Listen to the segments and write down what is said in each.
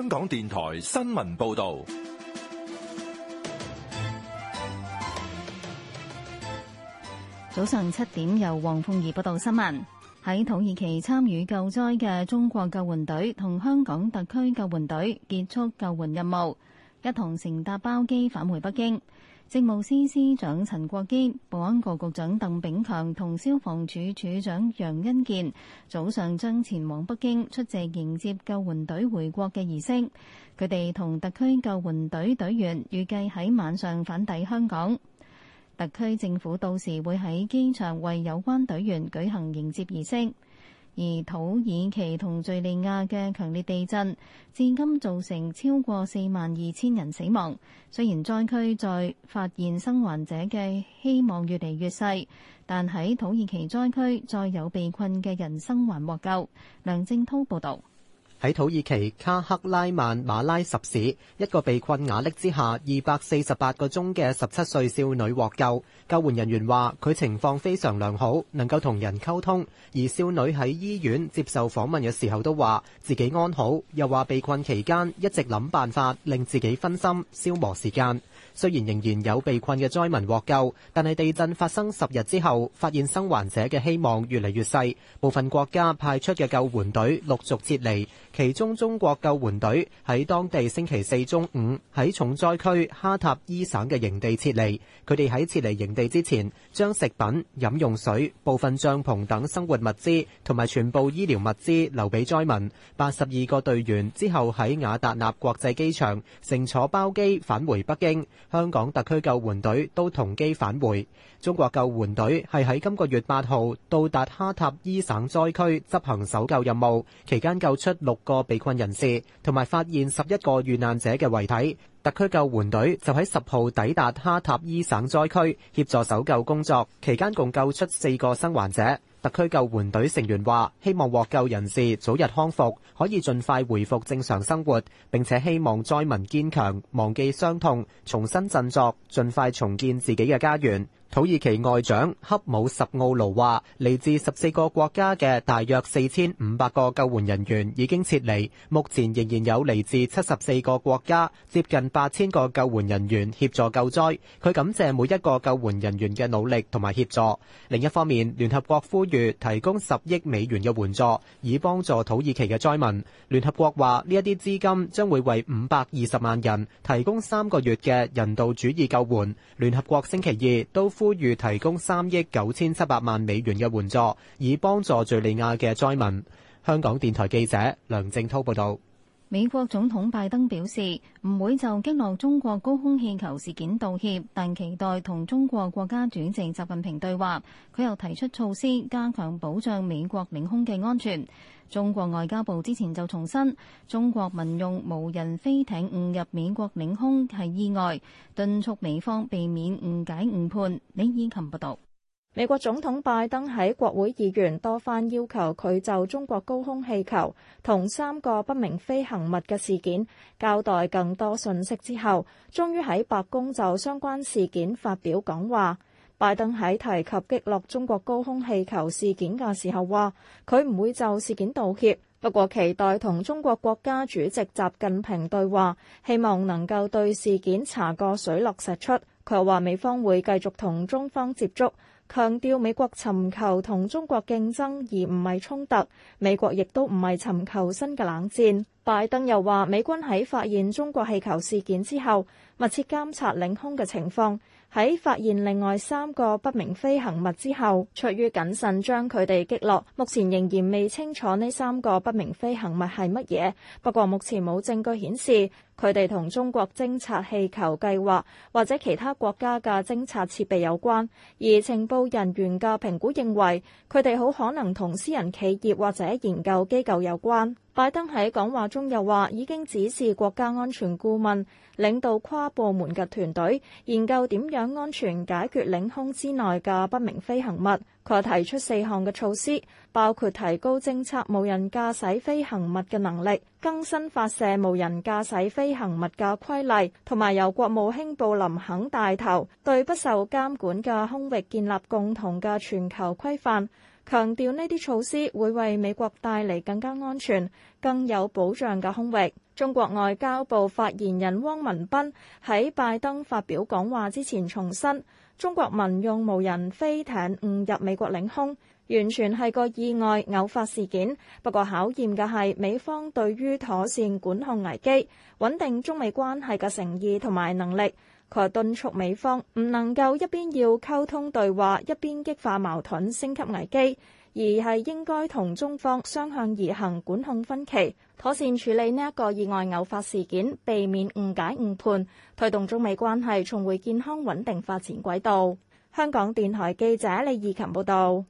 香港電台新聞報道，早上七點由黃鳳儀報道新聞。喺土耳其參與救災嘅中國救援隊同香港特區救援隊，結束救援任務，一同乘搭包機返回北京。政務司司長陳國基、保安局局長鄧炳強同消防處處長楊恩健早上將前往北京出席迎接救援隊回國嘅儀式，佢哋同特區救援隊隊員預計喺晚上返抵香港，特區政府到時會喺機場為有關隊員舉行迎接儀式。而土耳其同敘利亞嘅強烈地震，至今造成超過四萬二千人死亡。雖然災區在發現生還者嘅希望越嚟越細，但喺土耳其災區再有被困嘅人生還獲救。梁正濤報道。喺土耳其卡克拉曼馬拉什市，一個被困瓦礫之下二百四十八個鐘嘅十七歲少女獲救。救援人員話佢情況非常良好，能夠同人溝通。而少女喺醫院接受訪問嘅時候都話自己安好，又話被困期間一直諗辦法令自己分心消磨時間。雖然仍然有被困嘅災民獲救，但係地震發生十日之後，發現生還者嘅希望越嚟越細，部分國家派出嘅救援隊陸續撤離。其中中國救援隊喺當地星期四中午喺重災區哈塔伊省嘅營地撤離，佢哋喺撤離營地之前，將食品、飲用水、部分帳篷等生活物資同埋全部醫療物資留俾災民。八十二個隊員之後喺雅達納國際機場乘坐包機返回北京，香港特區救援隊都同機返回。中國救援隊係喺今個月八號到達哈塔伊省災區執行搜救任務，期間救出六個被困人士同埋發現十一個遇難者嘅遺體，特區救援隊就喺十號抵達哈塔伊省災區協助搜救工作，期間共救出四個生還者。特區救援隊成員話，希望獲救人士早日康復，可以盡快回復正常生活，並且希望災民堅強，忘記傷痛，重新振作，盡快重建自己嘅家園。土耳其外長克姆什奧盧話：嚟自十四個國家嘅大約四千五百個救援人員已經撤離，目前仍然有嚟自七十四個國家、接近八千個救援人員協助救災。佢感謝每一個救援人員嘅努力同埋協助。另一方面，聯合國呼籲提供十億美元嘅援助，以幫助土耳其嘅災民。聯合國話呢一啲資金將會為五百二十萬人提供三個月嘅人道主義救援。聯合國星期二都呼籲提供三億九千七百萬美元嘅援助，以幫助敘利亞嘅災民。香港電台記者梁正濤報道。美國總統拜登表示唔會就擊落中國高空氣球事件道歉，但期待同中國國家主席習近平對話。佢又提出措施加強保障美國領空嘅安全。中國外交部之前就重申，中國民用無人飛艇誤入美國領空係意外，敦促美方避免誤解誤判。李以琴報道。美國總統拜登喺國會議員多番要求佢就中國高空氣球同三個不明飛行物嘅事件交代更多信息之後，終於喺白宮就相關事件發表講話。拜登喺提及擊落中國高空氣球事件嘅時候話，佢唔會就事件道歉，不過期待同中國國家主席習近平對話，希望能夠對事件查個水落石出。佢話，美方會繼續同中方接觸。強調美國尋求同中國競爭而唔係衝突，美國亦都唔係尋求新嘅冷戰。拜登又話，美軍喺發現中國氣球事件之後，密切監察領空嘅情況。喺發現另外三個不明飛行物之後，出於謹慎將佢哋擊落。目前仍然未清楚呢三個不明飛行物係乜嘢，不過目前冇證據顯示佢哋同中國偵察氣球計劃或者其他國家嘅偵察設備有關。而情報人員嘅評估認為，佢哋好可能同私人企業或者研究機構有關。拜登喺講話中又話，已經指示國家安全顧問，領導跨部門嘅團隊，研究點樣安全解決領空之內嘅不明飛行物。佢提出四項嘅措施，包括提高偵測無人駕駛飛行物嘅能力，更新發射無人駕駛飛行物嘅規例，同埋由國務卿布林肯帶頭，對不受監管嘅空域建立共同嘅全球規範。強調呢啲措施會為美國帶嚟更加安全、更有保障嘅空域。中國外交部發言人汪文斌喺拜登發表講話之前重申，中國民用無人飛艇誤入美國領空，完全係個意外偶發事件。不過考驗嘅係美方對於妥善管控危機、穩定中美關係嘅誠意同埋能力。佢敦促美方唔能夠一邊要溝通對話，一邊激化矛盾、升級危機，而係應該同中方雙向而行、管控分歧，妥善處理呢一個意外偶發事件，避免誤解誤判，推動中美關係重回健康穩定發展軌道。香港電台記者李義琴報道。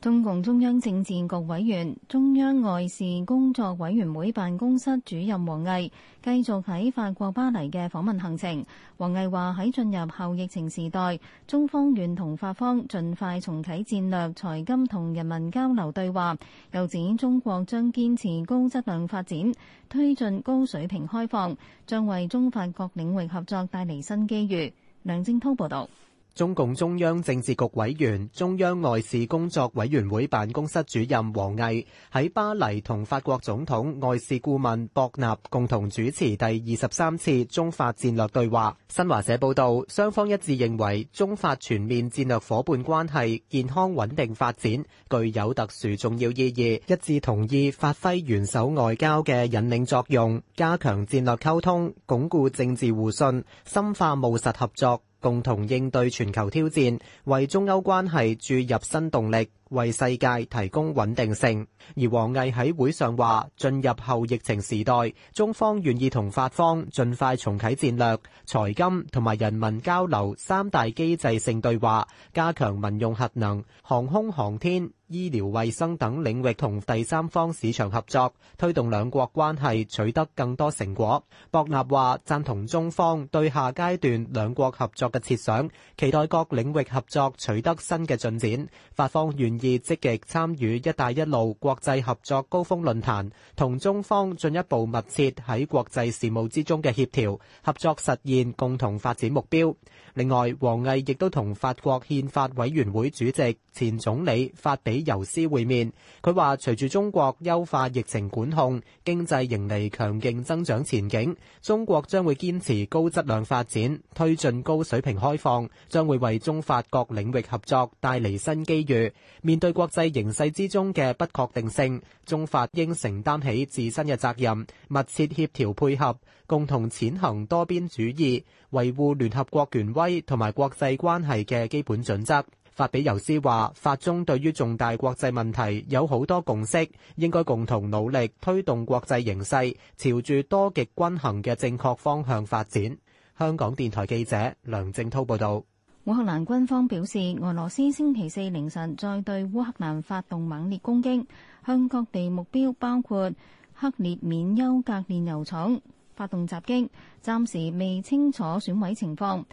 中共中央政治局委員、中央外事工作委員會辦公室主任王毅繼續喺法國巴黎嘅訪問行程。王毅話喺進入後疫情時代，中方願同法方盡快重啟戰略、財金同人民交流對話，又指中國將堅持高質量發展，推進高水平開放，將為中法各領域合作帶嚟新機遇。梁正濤報道。中共中央政治局委員、中央外事工作委員會辦公室主任王毅喺巴黎同法國總統外事顧問博納共同主持第二十三次中法戰略對話。新華社報道，雙方一致認為中法全面戰略夥伴關係健康穩定發展具有特殊重要意義，一致同意發揮元首外交嘅引領作用，加強戰略溝通，鞏固政治互信，深化務實合作。共同應對全球挑戰，為中歐關係注入新動力。為世界提供穩定性。而王毅喺會上話，進入後疫情時代，中方願意同法方盡快重啓戰略、財金同埋人文交流三大機制性對話，加強民用核能、航空航天、醫療衛生等領域同第三方市場合作，推動兩國關係取得更多成果。博納話贊同中方對下階段兩國合作嘅設想，期待各領域合作取得新嘅進展。法方願。以積極參與“一帶一路”國際合作高峯論壇，同中方進一步密切喺國際事務之中嘅協調合作，實現共同發展目標。另外，王毅亦都同法國憲法委員會主席、前總理法比尤斯會面。佢話：隨住中國優化疫情管控、經濟迎嚟強勁增長前景，中國將會堅持高質量發展，推進高水平開放，將會為中法各領域合作帶嚟新機遇。面對國際形勢之中嘅不確定性，中法應承擔起自身嘅責任，密切協調配合，共同踐行多邊主義，維護聯合國權威同埋國際關係嘅基本準則。法比尤斯話，法中對於重大國際問題有好多共識，應該共同努力推動國際形勢朝住多極均衡嘅正確方向發展。香港電台記者梁正滔報道。烏克蘭軍方表示，俄羅斯星期四凌晨再對烏克蘭發動猛烈攻擊，向各地目標包括克列緬丘格煉油廠發動襲擊，暫時未清楚損毀情況。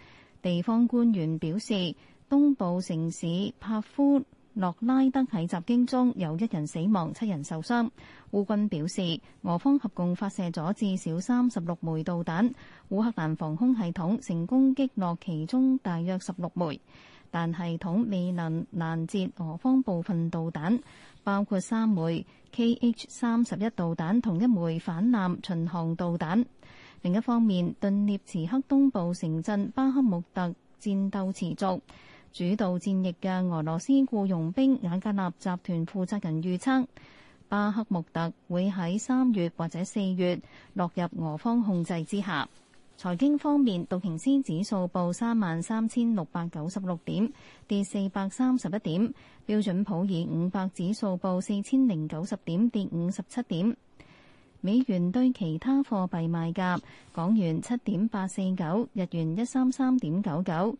地方官員表示，東部城市帕夫。諾拉德喺襲擊中有一人死亡，七人受傷。烏軍表示，俄方合共發射咗至少三十六枚導彈，烏克蘭防空系統成功擊落其中大約十六枚，但系統未能攔截俄方部分導彈，包括三枚 Kh-31 導彈同一枚反艦巡航導彈。另一方面，頓涅茨克東部城鎮巴克穆特戰鬥持續。主導戰役嘅俄羅斯僱傭兵瓦格納集團負責人預測，巴克穆特會喺三月或者四月落入俄方控制之下。財經方面，道瓊斯指數報三萬三千六百九十六點，跌四百三十一點，標準普爾五百指數報四千零九十點，跌五十七點。美元對其他貨幣賣價：港元七點八四九，日元一三三點九九，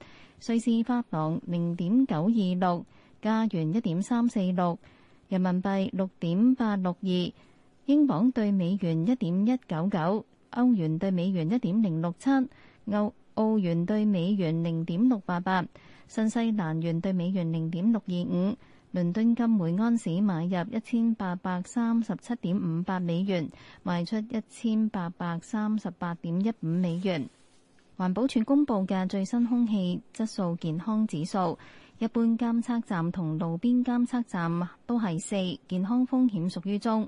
瑞士法郎零點九二六，加元一點三四六，人民幣六點八六二，英鎊對美元一點一九九，歐元對美元一點零六七，澳澳元對美元零點六八八，新西蘭元對美元零點六二五。倫敦金每安士買入一千八百三十七點五八美元，賣出一千八百三十八點一五美元。環保署公布嘅最新空氣質素健康指數，一般監測站同路邊監測站都係四，健康風險屬於中。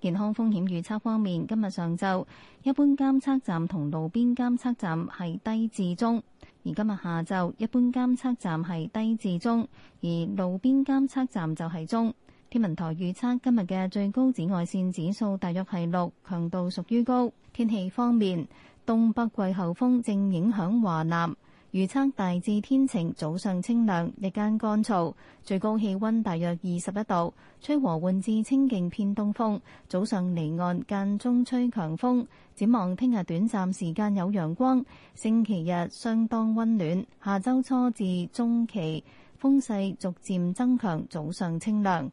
健康風險預測方面，今日上晝一般監測站同路邊監測站係低至中，而今日下晝一般監測站係低至中，而路邊監測站就係中。天文台預測今日嘅最高紫外線指數大約係六，強度屬於高。天氣方面，東北季候風正影響華南。預測大致天晴，早上清涼，日間乾燥，最高氣溫大約二十一度，吹和緩至清勁偏東風。早上離岸間中吹強風。展望聽日短暫時間有陽光，星期日相當溫暖。下週初至中期風勢逐漸增強，早上清涼。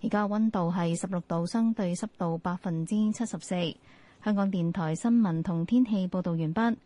而家溫度係十六度，相對濕度百分之七十四。香港電台新聞同天氣報道完畢。